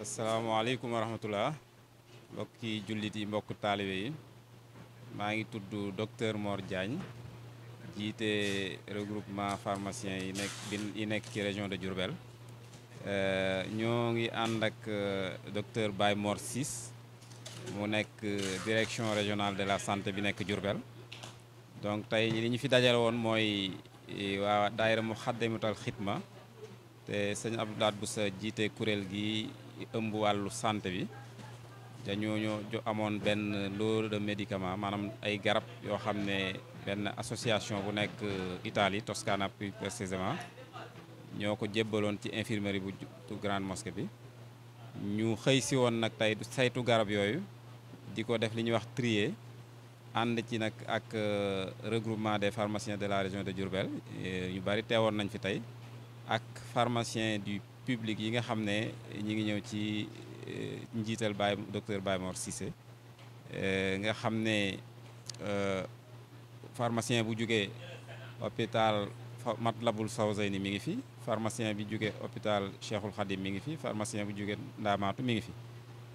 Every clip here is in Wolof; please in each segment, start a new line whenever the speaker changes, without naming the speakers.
asalaamaaleykum wa rahmatullah mbokki jullit yi mbokk taalibe yi maa ngi tudd docteur Mor Diagne jiite regroupement pharmacien yi nekk yi nekk ci région de Diourbel euh, ñoo ngi ànd ak euh, docteur bay Mor Ciss mu nekk euh, direction régional de la santé bi nekk Diourbel donc tey li ñu fi dajal woon mooy waa daayira Muxaddamatul Xidma te sëñ Abdou Lahad Bousso jiite kuréel gi ëmb wàllu santé bi dañoo ju amoon benn lot de médicament maanaam ay garab yoo xam ne benn association bu nekk euh, Italie Toscana plus précisément ñoo ko jébbaloon ci infirmerie bu grande mosquée bi ñu xëy si woon nag tey saytu garab yooyu di ko def li ñuy wax trier ànd ci nag ak euh, regroupement des pharmaciens de la région de Diourbel ñu euh, bari teewoon nañ fi tey ak pharmacien du public yi nga xam ne ñi ngi ñëw ci euh, njiital Baye docteur Baye Mor Cissé euh, nga xam ne euh, pharmacien bu jógee hôpital Matlabul ni mi ngi fi pharmacien bi jóge hôpital Cheikhul Khadim mi ngi fi pharmacien bu jóge Ndaamaatu mi ngi fi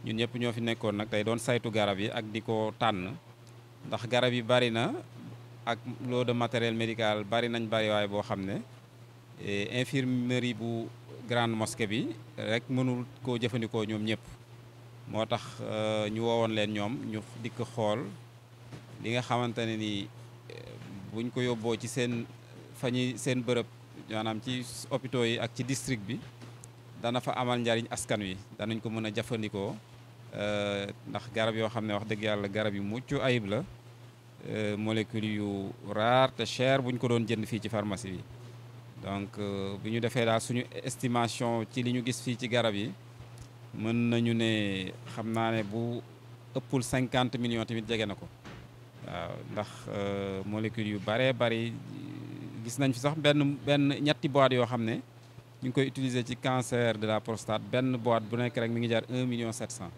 ñun ñëpp ñoo fi nekkoon nag tey doon saytu garab yi ak di ko tànn ndax garab yi bari na ak lot de matériel médical bari nañ bari waay boo xam ne infirmerie bu grande mosquée bi rek mënul koo jëfandikoo ñoom ñëpp moo tax euh, ñu woowoon leen ñoom ñu dikk xool li nga xamante ne ni euh, buñ ko yóbboo ci seen fa ñuy seen bërëb maanaam ci hôpitaux yi ak ci district bi dana fa amal njariñ askan wi danañ ko mën a jëfandikoo euh, ndax garab yoo xam ne wax dëgg yàlla garab yu mucc ayib la molécule yu rare te cher buñ ko doon jënd fii ci pharmacie bi donc euh, bu ñu defee daal suñu estimation ci li ñu gis fii ci garab yi mën nañu ne xam naa ne bu ëppul cinquante millions tamit jege na ko waaw ndax euh, molécules yu baree bari gis nañ fi sax benn benn ñetti boîte yoo xam ne ñu ngi koy utiliser ci cancer de la prostate benn boîte bu nekk rek mu ngi jar un million sept cent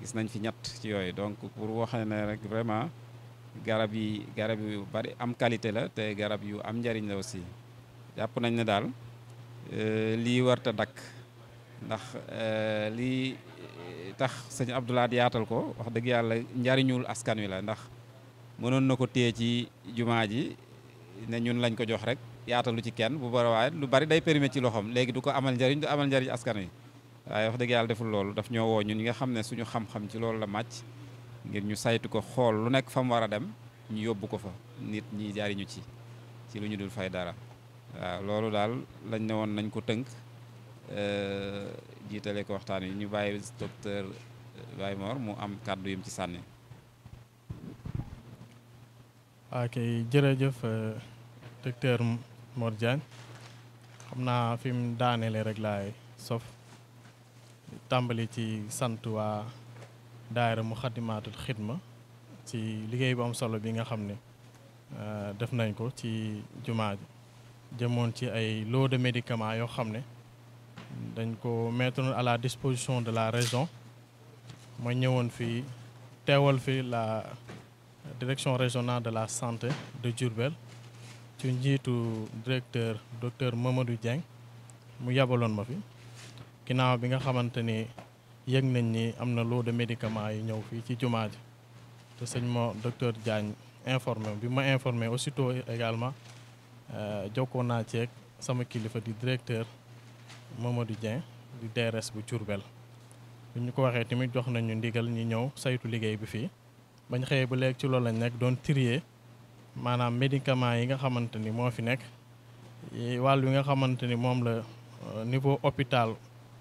gis nañ fi ñett ci yooyu donc pour waxee ne rek vraiment garab yi garab yu bari am qualité la te garab yu am njariñ la aussi jàpp nañ ne daal euh, lii warta dakk ndax euh, lii euh, tax sëñ Abdoulaat yaatal ko wax dëgg yàlla njariñul askan wi la ndax mënoon na ko téye ci jumaa ji ne ñun lañ ko jox rek yaatalu ci kenn bu bari waaye lu bari day périmé ci loxoom léegi du ko amal njariñ du amal njariñ askan wi waaye wax dëgg yàlla deful loolu daf ñoo woo ñun ñi nga xam ne suñu xam-xam ci loolu la màcc ngir ñu saytu ko xool lu nekk fa mu war a dem ñu yóbbu ko fa nit ñi jariñu ci ci lu ñu dul fay dara waaw loolu daal lañ ne woon nañ ko tënk euh, jiitale ko waxtaan yi ñu bàyyi docteur Baye Mor mu am kàddu yum ci sànni.
ok jërëjëf euh, docteur Mor mordian xam naa fi mu daaneele rek laay sof tàmbali ci sant waa daayira mu xaddimaatul xidma ci liggéey bu am solo bi nga xam ne euh, def nañ ko ci jumaa ji jëmoon ci ay lot de médicament yoo xam ne dañ ko mettre à la disposition de la région ma ñëwoon fi teewal fi la direction régionale de la santé de Diourbel ci njiitu directeur docteur Mamadou Dieng mu yabaloon ma fi ginnaaw bi nga xamante ni yëg nañ ni am na lot de médicaments yi ñëw fii ci jumaa ji te sëñ ma docteur Diagne informé bi ma informé aussitôt également Euh, jokkoo naa ceeg sama kilifa di directeur Mamadou Dieng di DRS bu Diourbel bu ñu ko waxee tamit jox nañu ndigal ñu ñëw saytu liggéey bi fii bañ xëyee ba léegi ci loolu lañ nekk doon trier maanaam médicament yi nga xamante ni moo fi nekk wàll wi nga xamante ni moom la euh, niveau hôpital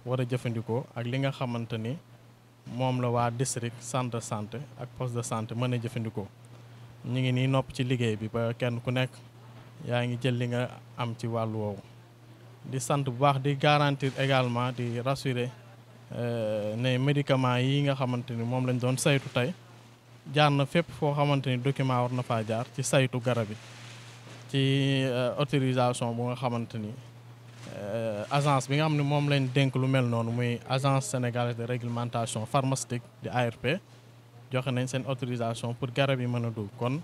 war a jëfandikoo ak li nga xamante ni moom la waa district centre de santé ak poste de santé mën a jëfandikoo ñu ngi nii nopp ci liggéey bi ba kenn ku nekk yaa ngi jël li nga am ci wàllu woowu di sant bu baax di garantir également di rassurer euh, ne médicaments yi nga xamante ni moom lañ doon saytu tey jaar na fépp foo xamante ni document war na faa jaar ci saytu garab yi ci euh, autorisation bu nga xamante ni euh, agence bi nga xam ne moom lañ dénk lu mel noonu muy agence sénégalaise de réglementation pharmaceutique di ARP joxe nañ seen autorisation pour garab yi mën a dugg kon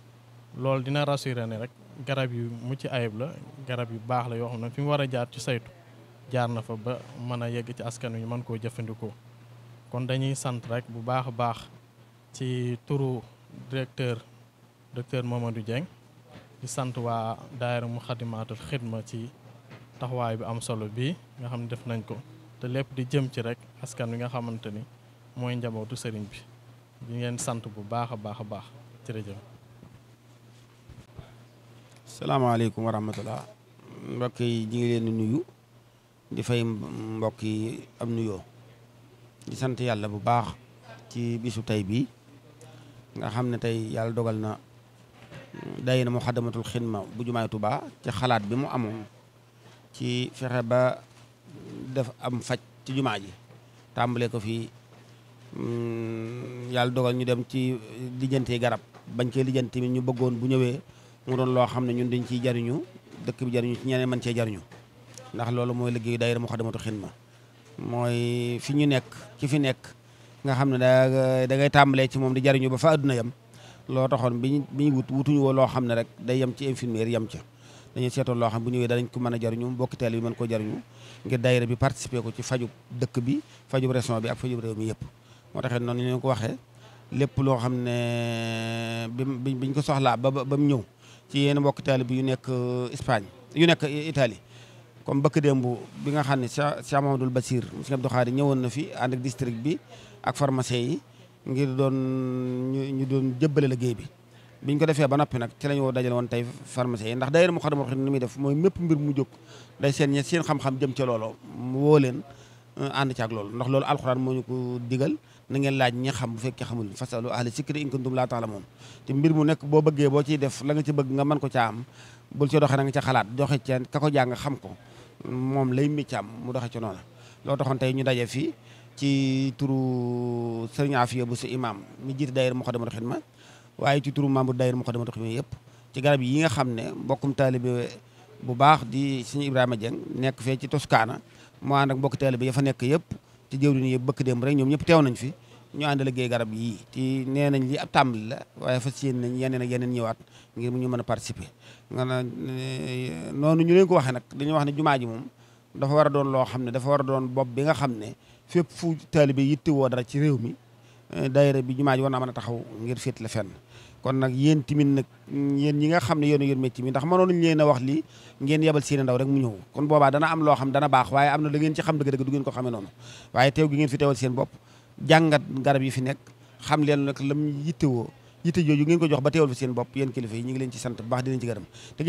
loolu dina rassurer ne rek garab yu mucc ayib la garab yu baax la yoo xam ne fi mu war a jaar ci saytu jaar na fa ba mën a yegg ci askan wi mën koo jëfandikoo kon dañuy sant rek bu baax a baax ci turu directeur docteur Mamadou Dieng di sant waa mu Muxaddamaatul Xidma ci taxawaay bi am solo bi nga xam ne def nañ ko te lépp di jëm ci rek askan wi nga xamante ni mooy njabootu sëriñ bi di ngeen sant bu baax a baax a baax jërëjëf
salaamaaleykum wa rahmatulah mbokk yi ñu nuyu di fay mbokk yi am nuyoo di sant yàlla bu baax ci bisu tey bii nga xam ne tey yàlla dogal na day na mu xadamatul xidma bu jumaay Tuubaa ci xalaat bi mu amoon ci fexe ba def am faj ci jumaa ji tàmbale ko fii mm, yàlla dogal ñu dem ci lijjanti garab bañ koy lijjanti mi ñu bëggoon bu ñëwee. mu doon loo xam ne ñun dañ ciy jariñu dëkk bi jariñu ci ñeneen mën cee jariñu ndax loolu mooy liggéeyu daayira Muxaddamatul Xidma mooy fi ñu nekk ci fi nekk nga xam ne da da ngay tàmbalee ci moom di jariñu ba fa àdduna yam loo taxoon bi ñu wut wutuñu woo loo xam ne rek day yem ci infirmière yem ca dañuy seetoon loo xam bu ñëwee danañ ko mën a jariñu mbokki teel bi mën ko jariñu ngir daayira bi participer ko ci faju dëkk bi fajub région bi ak fajub réew mi yëpp moo taxit noonu ñu ko waxee lépp loo xam ne bi biñ ko soxlaa ba ba mu ñëw ci yenn mbokk taalibe yu nekk euh, Espagne yu nekk euh, Italie comme bëkk démb bi nga xam ne Cheikh Mamadou Bassir Cheikh Abdou Khadre ñëwoon na fi ànd ak district bi ak pharmacien ngir doon ñu doon jëbbale liggéey bi ñu ko defee ba noppi nag ci la ñu woo dajal woon tey pharmacien yi ndax daayira Moukhaddamatoul Khidma ni muy def mooy mépp mbir mu jóg day seen ñe seen xam-xam jëm ca loolo mu woo leen euh, ànd ci ak loolu ndax loolu alxuraan moo ñu ko digal na ngeen laaj ñi xam bu fekkee xamul fasalu ahli sikri in kuntum laa taalamuun te mbir mu nekk boo bëggee boo ciy def la nga ci bëgg nga mën ko ca am bul ci doxee na nga ca xalaat doxe ca ka ko jàng xam ko moom lay miccaam mu doxe ci noonu loo taxoon tey ñu daje fii ci turu sëriñ Afiya bu sa imam mi jiite daayira Muqaddamatul ma waaye ci turu membre daayira Muqaddamatul Xidma yëpp ci garab yi nga xam ne mbokkum taalibe bu baax di sëriñ Ibrahima Dieng nekk fee ci Toscana mu ànd ak mbokk taalibe ya fa nekk yëpp te jëwriñ yëpp bëkk dem rek ñoom ñëpp teew nañ fi ñu ànd liggéey garab yii ti nee nañ li a tàmbali la waaye fas yéen nañ yeneen ak yeneen ñëwaat ngir mu ñu mën a participer nga na eh, noonu ñu leen ko waxee nag dañu wax ne jumaa ji moom dafa war a doon loo xam ne dafa war a doon bopp bi nga xam ne fépp fu taalibe yittewoo dara ci réew mi Euh, daayira bi jumaa ji war naa a taxaw ngir féetle fenn kon nag yéen tamit nag yéen ñi nga xam ne yéen a yor métier mi ndax mënoon leen a wax lii ngeen yebal seen ndaw rek mu ñëw kon boobaa dana am loo xam dana baax waaye am na la ngeen ci xam dëgg-dëgg du ngeen ko xamee noonu waaye teew yi fi nekk xam leen nag lam yittewoo yitte jooju ngeen ko jox ba teewal fi seen bopp yéen kilifa ngi leen ci sant bu baax di leen ci gërëm te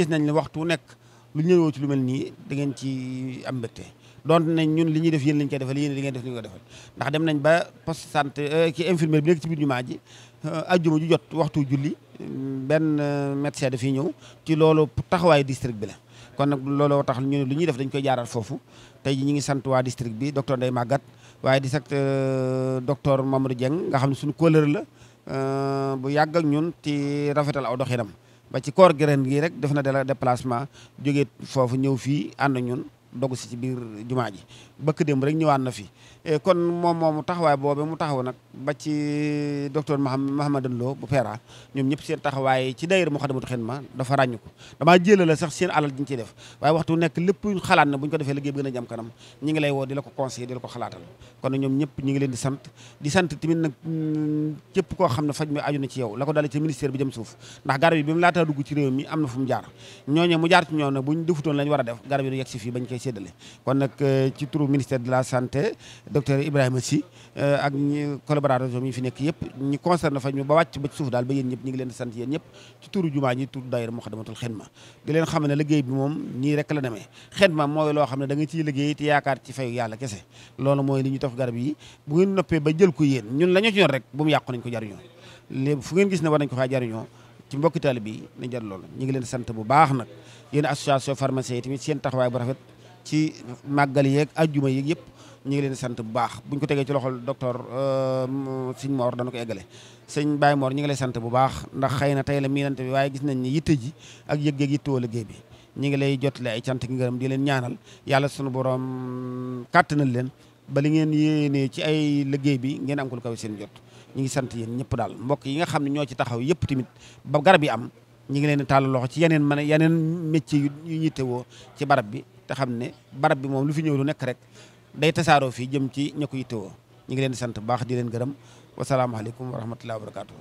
lu ñëwoo ci lu mel nii da ci am mbégte dont nañ ñun li ñuy def yéen lañ koy defal yéen li ngeen def li ñu ko defal ndax dem nañ ba poste santé euh, ki infirmière bi nekk ci biir jumaa ji euh, ajjuma ju jot waxtu julli benn euh, médecin dafiy ñëw ci loolu taxawaayu district bi la kon nag looloo tax ñu ne lu ñuy def dañ koy jaaral foofu tey ji ñu ngi sant waa district bi docteur Ndeye Maguette waaye di sant docteur Mamadou Dieng nga xam ne suñu kóolër la bu yàgg ak ñun ci rafetal aw doxinam ba ci koor gi ren gii rek def na dala déplacement jóge foofu ñëw fii ànd ñun dogu si ci biir jumaa ji bëkk démb rek ñëwaat na fi eh, kon moom moomu taxawaay boobu mu taxaw nag ba ci docteur Mahamadan Lo bu Feera ñoom ñëpp seen taxawaay ci daayira Moukhaddamatoul Khidma dafa ràññu ko damaa jëla la sax seen alal diñ ciy def waaye waxtu nekk lépp xalaat na bu ñu ko defee liggéey bi gën a jëm kanam ñi ngi lay woo di la ko conseiller di la ko xalaatal kon ñoom mm, ne ci yow la ko dalee ci ministère bi jëm suuf ndax garab yi bi mu laataa ministère de la santé docteur Ibrahima Sy euh, ak ñi collaborateur yi fi nekk yëpp ñi concerné fa ñu ba wàcc ba suuf daal ba yéen ñëpp leen di la demee xidma mooy loo xam ne da nga ciy liggéey te yaakaar ci fayu yàlla kese loolu bu baax nag yéen association pharmacien yi tamit seen taxawaay bu rafet ci màggal yeeg ajjuma yeeg yëpp ñu ngi leen sant bu baax bu ñu ko tegee ci loxol docteur euh, sëñ Mor dana ko eggale sëñ Baye Mor ñu ngi lay sant bu baax ndax xëy na tey la miinante bi waaye gis nañ ni yitte ji ak yëg-yëg yittewoo liggéey bi ñu ngi lay jotale ay cant gi ngërëm di leen ñaanal yàlla sunu borom kàttanal leen ba li ngeen yéenee ci ay liggéey bi ngeen am ko lu kaw seen jot ñu ngi sant yéen ñëpp daal mbokk yi nga xam ne ñoo ci taxaw yëpp tamit ba garab yi am ñu ngi leen di tàll loxo ci yeneen man yeneen métier yu ñu yittewoo ci barab bi te xam ne barab bi moom lu fi ñëw lu nekk rek day tasaaroo fii jëm ci ña ko yittewoo ñu ngi leen di sant baax di leen gërëm wasalaamaaleykum wa rahmatulah wa barakaatu.